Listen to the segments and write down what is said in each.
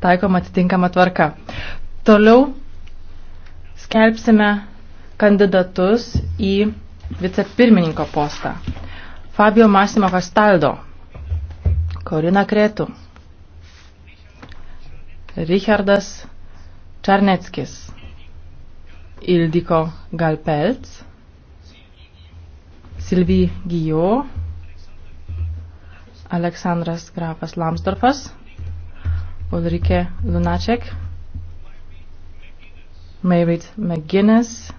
taikoma atitinkama tvarka. Toliau skelbsime kandidatus į vicepirmininko postą. Fabio Massimo Castaldo, Korina Kretų, Richardas Čarneckis, Ildiko Galpelc, Silvi Gijo, Aleksandras Grafas Lamsdorfas, Ulrike Lunacek, Mayrit McGuinness,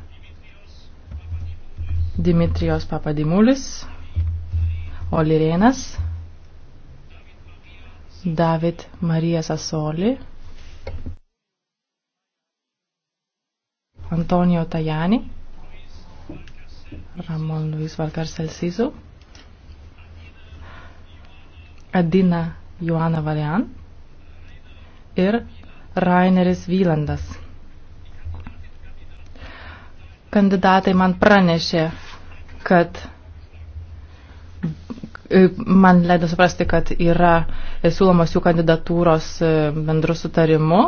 Dimitrios Papadimulis, Oli Rėnas, David Marija Sasoli, Antonio Tajani, Ramon Luis Valcarcel Sisu, Adina Joana Valean, ir Raineris Vylandas. Kandidatai man pranešė, kad e, man leido suprasti, kad yra siūlomos jų kandidatūros e, bendru sutarimu.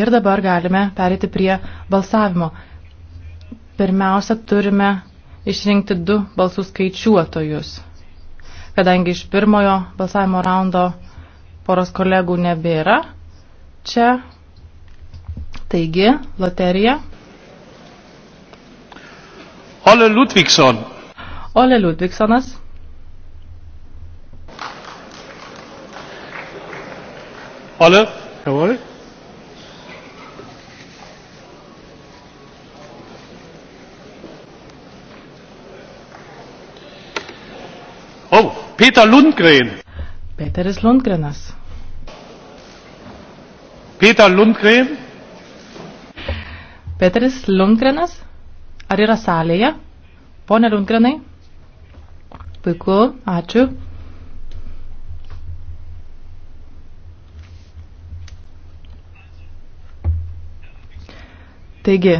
Ir dabar galime perėti prie balsavimo. Pirmiausia, turime išrinkti du balsų skaičiuotojus, kadangi iš pirmojo balsavimo raundo poros kolegų nebėra čia. Taigi, loterija. Ole Ludvigson. Ole Ludvigsonas. Ole. Jawohl. Oh, Peter Lundgren. Peteris Lundgrenas. Peter Lundgren. Peteris Lundgrenas, ar yra salėje? Pone Lundgrenai? Puiku, ačiū. Taigi,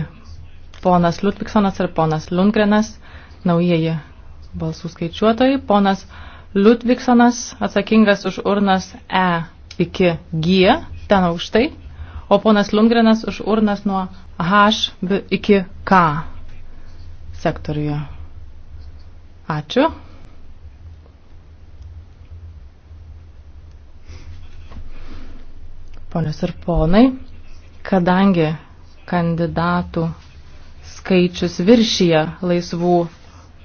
ponas Ludviksonas ir ponas Lundgrenas, naujieji balsų skaičiuotojai, ponas Ludviksonas atsakingas už urnas E iki G, ten aukštai, o ponas Lundgrenas už urnas nuo H iki K sektoriuje. Ačiū. Ponios ir ponai, kadangi kandidatų skaičius viršyje laisvų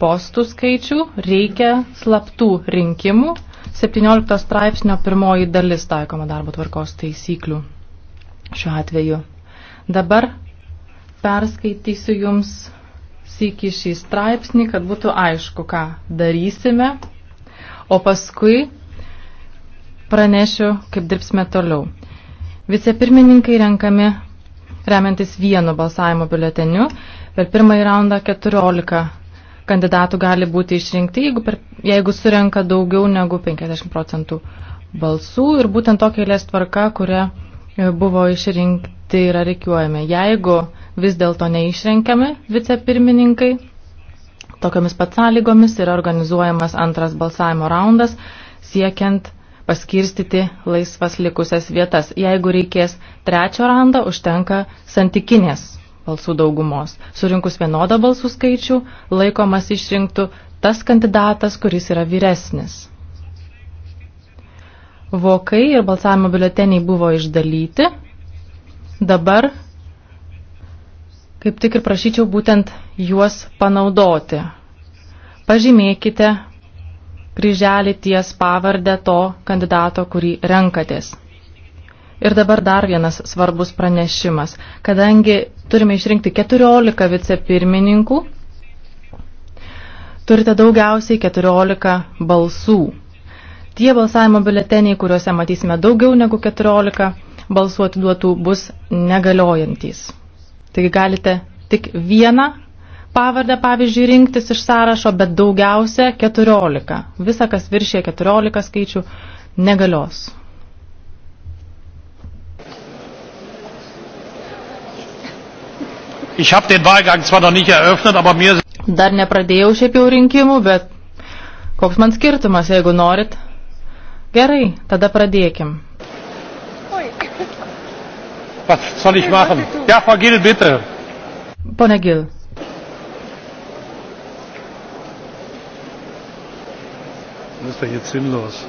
postų skaičių, reikia slaptų rinkimų. 17 straipsnio pirmoji dalis taikoma darbo tvarkos taisyklių šiuo atveju. Dabar perskaitysiu jums sykį šį straipsnį, kad būtų aišku, ką darysime, o paskui pranešiu, kaip dirbsime toliau. Vicepirmininkai renkami remiantis vienu balsavimo biuleteniu, per pirmąjį raundą 14 kandidatų gali būti išrinkti, jeigu, per, jeigu surenka daugiau negu 50 procentų balsų ir būtent tokia eilės tvarka, kuria e, buvo išrinkti yra reikiuojami. Jeigu vis dėlto neišrenkiami vicepirmininkai, tokiamis pat sąlygomis yra organizuojamas antras balsavimo raundas, siekiant paskirstyti laisvas likusias vietas. Jeigu reikės trečio raundo, užtenka santykinės balsų daugumos. Surinkus vienodą balsų skaičių, laikomas išrinktų tas kandidatas, kuris yra vyresnis. Vokai ir balsavimo biuleteniai buvo išdalyti. Dabar kaip tik ir prašyčiau būtent juos panaudoti. Pažymėkite kryželį ties pavardę to kandidato, kurį renkatės. Ir dabar dar vienas svarbus pranešimas, kadangi turime išrinkti 14 vicepirmininkų, turite daugiausiai 14 balsų. Tie balsavimo biuleteniai, kuriuose matysime daugiau negu 14 balsų atiduotų, bus negaliojantys. Taigi galite tik vieną pavardę, pavyzdžiui, rinktis iš sąrašo, bet daugiausia 14. Visa, kas viršė 14 skaičių, negalios. Dar nepradėjau šiaip jau rinkimų, bet koks man skirtumas, jeigu norit. Gerai, tada pradėkim. Was soll ich machen? Ja, Frau Gill, bitte. Pone Gill. Das ist doch jetzt sinnlos.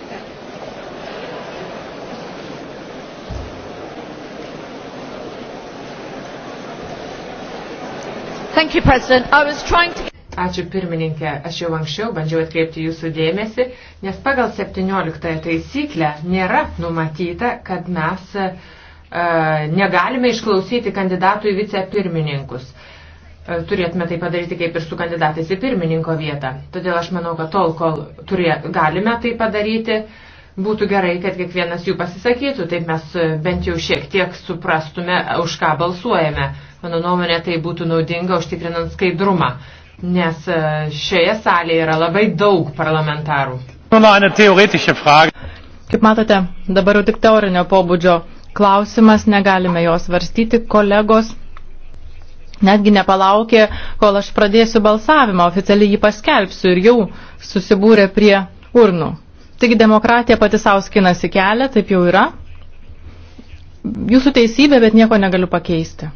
You, to... Ačiū pirmininkė, aš jau anksčiau bandžiau atkreipti jūsų dėmesį, nes pagal 17 taisyklę nėra numatyta, kad mes e, negalime išklausyti kandidatų į vicepirmininkus. E, turėtume tai padaryti kaip ir su kandidatais į pirmininko vietą. Todėl aš manau, kad tol, kol turė, galime tai padaryti, e, Būtų gerai, kad kiekvienas jų pasisakytų, taip mes e, bent jau šiek tiek suprastume, už ką balsuojame. Mano nuomonė, tai būtų naudinga užtikrinant skaidrumą, nes e, šioje salėje yra labai daug parlamentarų. Kaip matote, dabar jau tik teorinio pobūdžio klausimas, negalime jos varstyti, kolegos netgi nepalaukė, kol aš pradėsiu balsavimą, oficialiai jį paskelbsiu ir jau susibūrė prie urnų. Taigi demokratija pati savo skinasi kelią, taip jau yra. Jūsų teisybė, bet nieko negaliu pakeisti.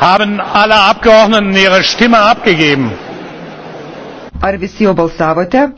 Haben alle Abgeordneten ihre Stimme abgegeben? Ar visi jau balsavote?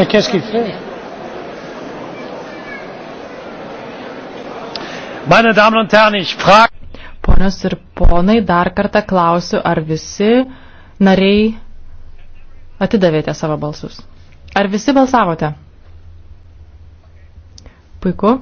Mais qu'est-ce qu'il fait Meine Damen und Herren, ich frage. Ponios ir ponai, dar kartą klausiu, ar visi nariai atidavėte savo balsus. Ar visi balsavote? Puiku.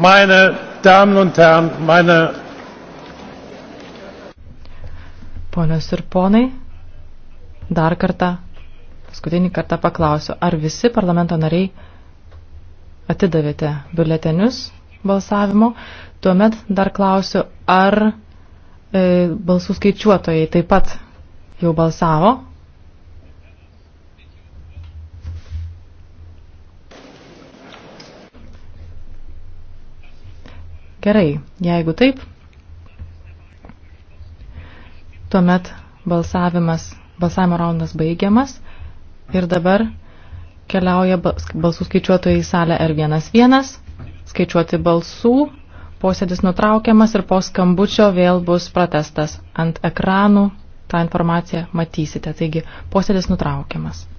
meine Damen und Herren, meine Ponios ir ponai, dar kartą, paskutinį kartą paklausiu, ar visi parlamento nariai atidavėte biuletenius balsavimo, tuomet dar klausiu, ar e, balsų skaičiuotojai taip pat jau balsavo, Gerai, jeigu taip, tuomet balsavimas, balsavimo raundas baigiamas ir dabar keliauja balsų skaičiuotojai į salę R11, skaičiuoti balsų, posėdis nutraukiamas ir po skambučio vėl bus protestas. Ant ekranų tą informaciją matysite, taigi posėdis nutraukiamas.